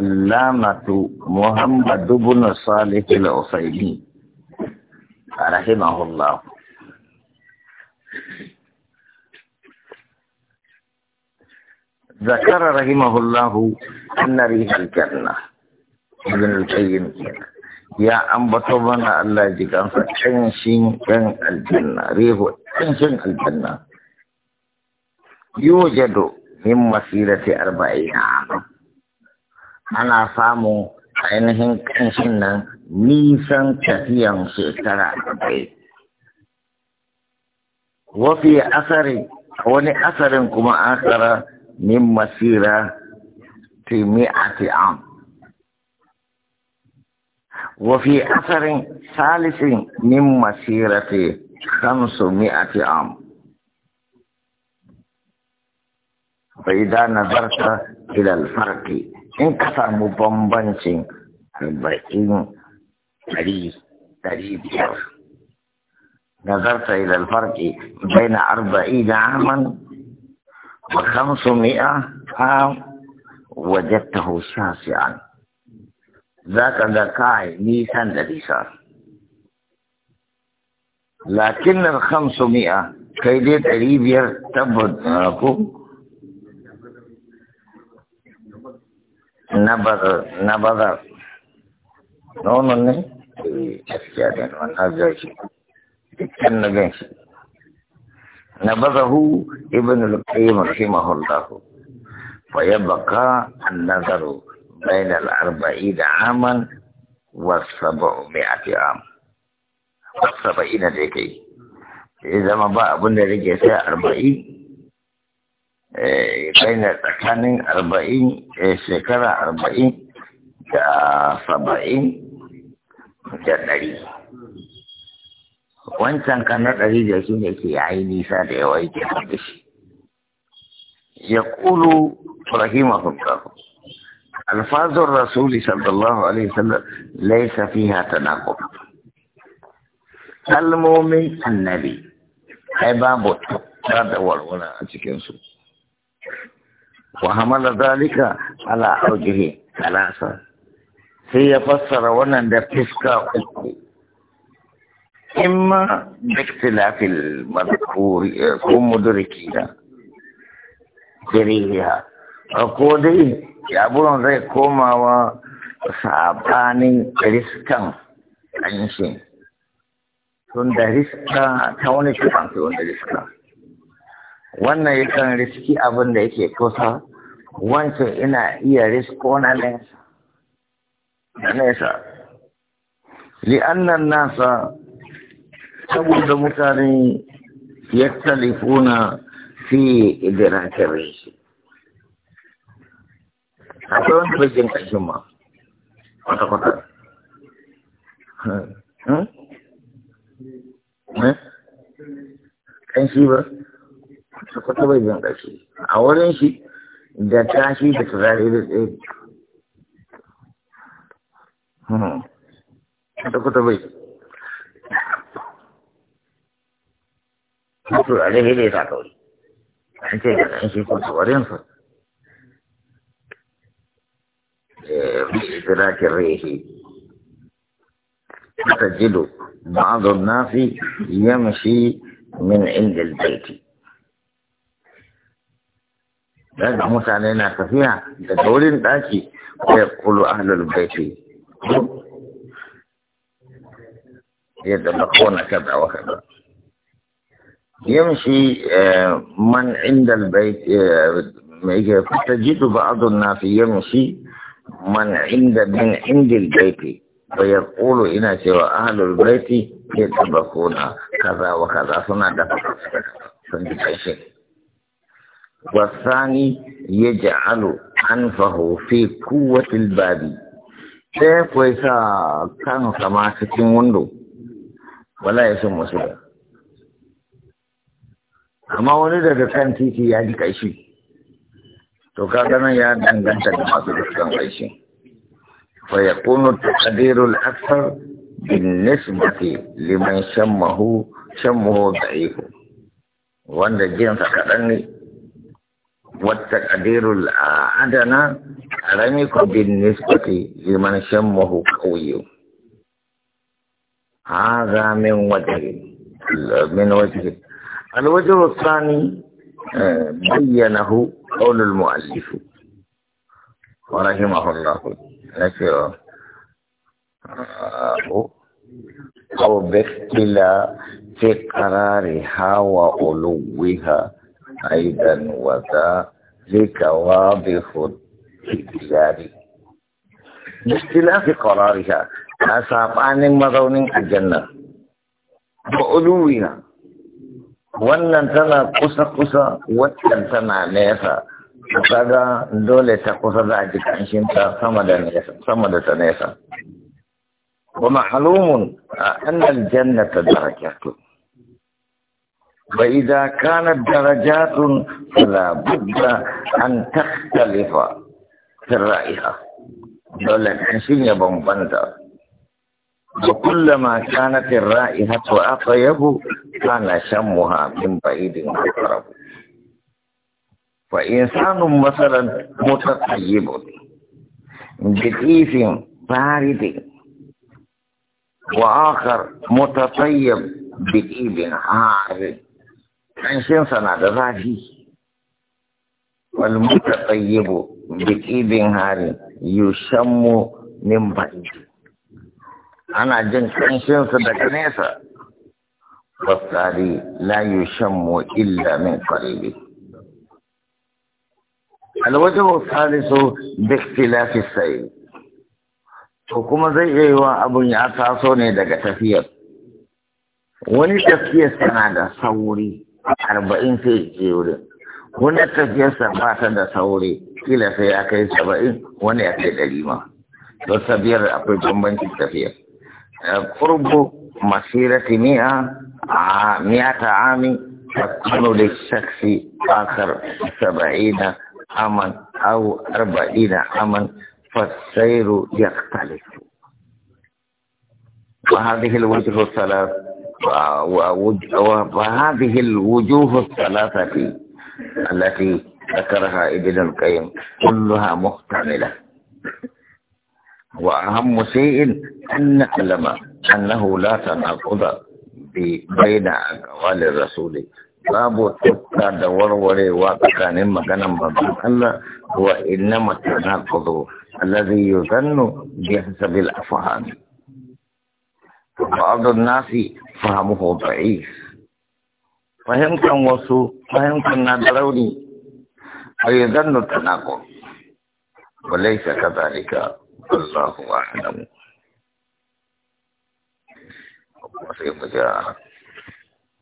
علامة محمد بن صالح العصيمي رحمه الله ذكر رحمه الله أن ريح الجنة ابن القيم يا أم بطبنا الله جكان فتنشين كان الجنة ريح تنشين الجنة يوجد من مسيرة أربعين عاما ana samun ainihin ƙanshin nan nisan tafiyan shekara ɗaya. Wafi asari, wani asarin kuma akara min masira timi'ati am. Wafi asarin salisin min masirati kamsu mi'ati am. da nazarta إلى farki. in ka samu bambancin arba'in ɗari ɗari biyar nazarta ila alfarki baina arba'i da aman wa kamsu mi'a ha wajattahu sasi'an za ka ga kai nisan ɗari sa lakin al khamsu mi'a kai dai ɗari biyar tabbata ko نبذ نبذ nonon ne eh, gaskiya da man hajjar shi dukkan na gan shi na bazahu ibn al-qayyim rahimahullah fa yabqa an-nazaru bain al-arba'in aman wa sab'mi'ati am wa sab'ina da kai sai zama ba abin da rage sai arba'in Eh, kai tsakanin arba'in eh, shekara arba'in da saba'in da ɗari wancan kan na ɗari da shi ne ke yayi nisa da yawa yake da shi ya ƙulu hukaku alfazun rasuli sallallahu alaihi wasallam laisa fiha tanaqub kalmomin annabi ai babu tabbata da walwala a cikinsu وحمل ذلك على أوجه ثلاثة هي فسر ونند فسكا إما باختلاف المذكور كم مدركين جريها أقولي يا أبو زي كوما وصعباني رسكا أنشين تندرسكا توني تفانتي وندرسكا wannan yakan riski abin da yake kusa wancan ina iya risko na nesa na nesa li'annan nasa saboda mutane talifuna fi idrakin rishi akwai wani bajin kashin ma kwata-kwata kan hmm? hmm? shi ba ta bai jin ƙashi a wurin shi da tashi da turare da tsaye ta kuta bai mutu a zai da ta kauri an ce ga ɗan shi ko tsawarin su باشتراك الريح تجد بعض الناس يمشي من عند البيت daga mutane na tafiya daga wurin daki ya kulu ahlul baiti yadda ba kona kada wa kada yamshi eh, man inda baiti eh, mai ke fita jitu ba adon na fi yamshi man inda min inda baiti ba ya kulu ina cewa ahlul baiti yadda ba kona kaza wa kaza suna da fata sun ji kai shi والثاني يجعل أنفه في قوة الباب سيف ويسا wando, wala ya ولا يسمى سيدا amma wani daga kan titi ya ji kaishi to kaga nan ya danganta da masu dukkan kaishi fa yakunu taqdirul akthar bin nisbati liman shammahu shammahu da'ifu wanda jinsa kaɗan ne والتقدير الأدنى يكن بالنسبة لمن شمه قوي هذا من وجه من وجه الوجه الثاني بينه قول المؤلف ورحمه الله نشره أو باختلاف في قرارها وعلوها أيضا وذا ذيك واضح الجاري باختلاف قرارها أصابان مضون الجنة وألوها wannan tana kusa-kusa wannan tana nesa kaga dole ta kusa za a ji kanshinta sama da nesa sama da ta nesa wa annal jannata فإذا كانت درجات فلا بد أن تختلف في الرائحة دولة حسين يا فانتا وكلما كانت الرائحة أطيب كان شمها من بعيد أقرب فإنسان مثلا متطيب بكيف بارد وآخر متطيب بكيف عارض ƙanshinsa na da zafi wal mutatayyibu da ƙibin hari mu min ba'id ana jin ƙanshinsa daga nesa wasari la yushammu illa min qaribi الوجه الثالث باختلاف sai to kuma zai iya yi wa abin ya taso ne daga tafiyar wani tafiyar tana da sauri أربعين في ولي هنا تجلس باتنا سوري كلا في أكيد سبعين هنا أكيد أجمع بس بير أبي جنبين تكفي قرب مسيرة مئة مئة عام تكون للشخص آخر سبعين عاما أو أربعين عاما فالسير يختلف وهذه الوجه الثلاث وهذه الوجوه الثلاثة التي ذكرها ابن القيم كلها محتملة وأهم شيء أن نعلم أنه لا تناقض بين أقوال الرسول باب تبقى دور وري واتكا نما كان وإنما التناقض الذي يظن بحسب الأفهام Ba'adun nasi fahamuhu da'if. Fahimkan wasu, fahimkan na da rauni, a yi zannu ta nako. Ba laisa ka zalika, Allah wa'adamu. Wasu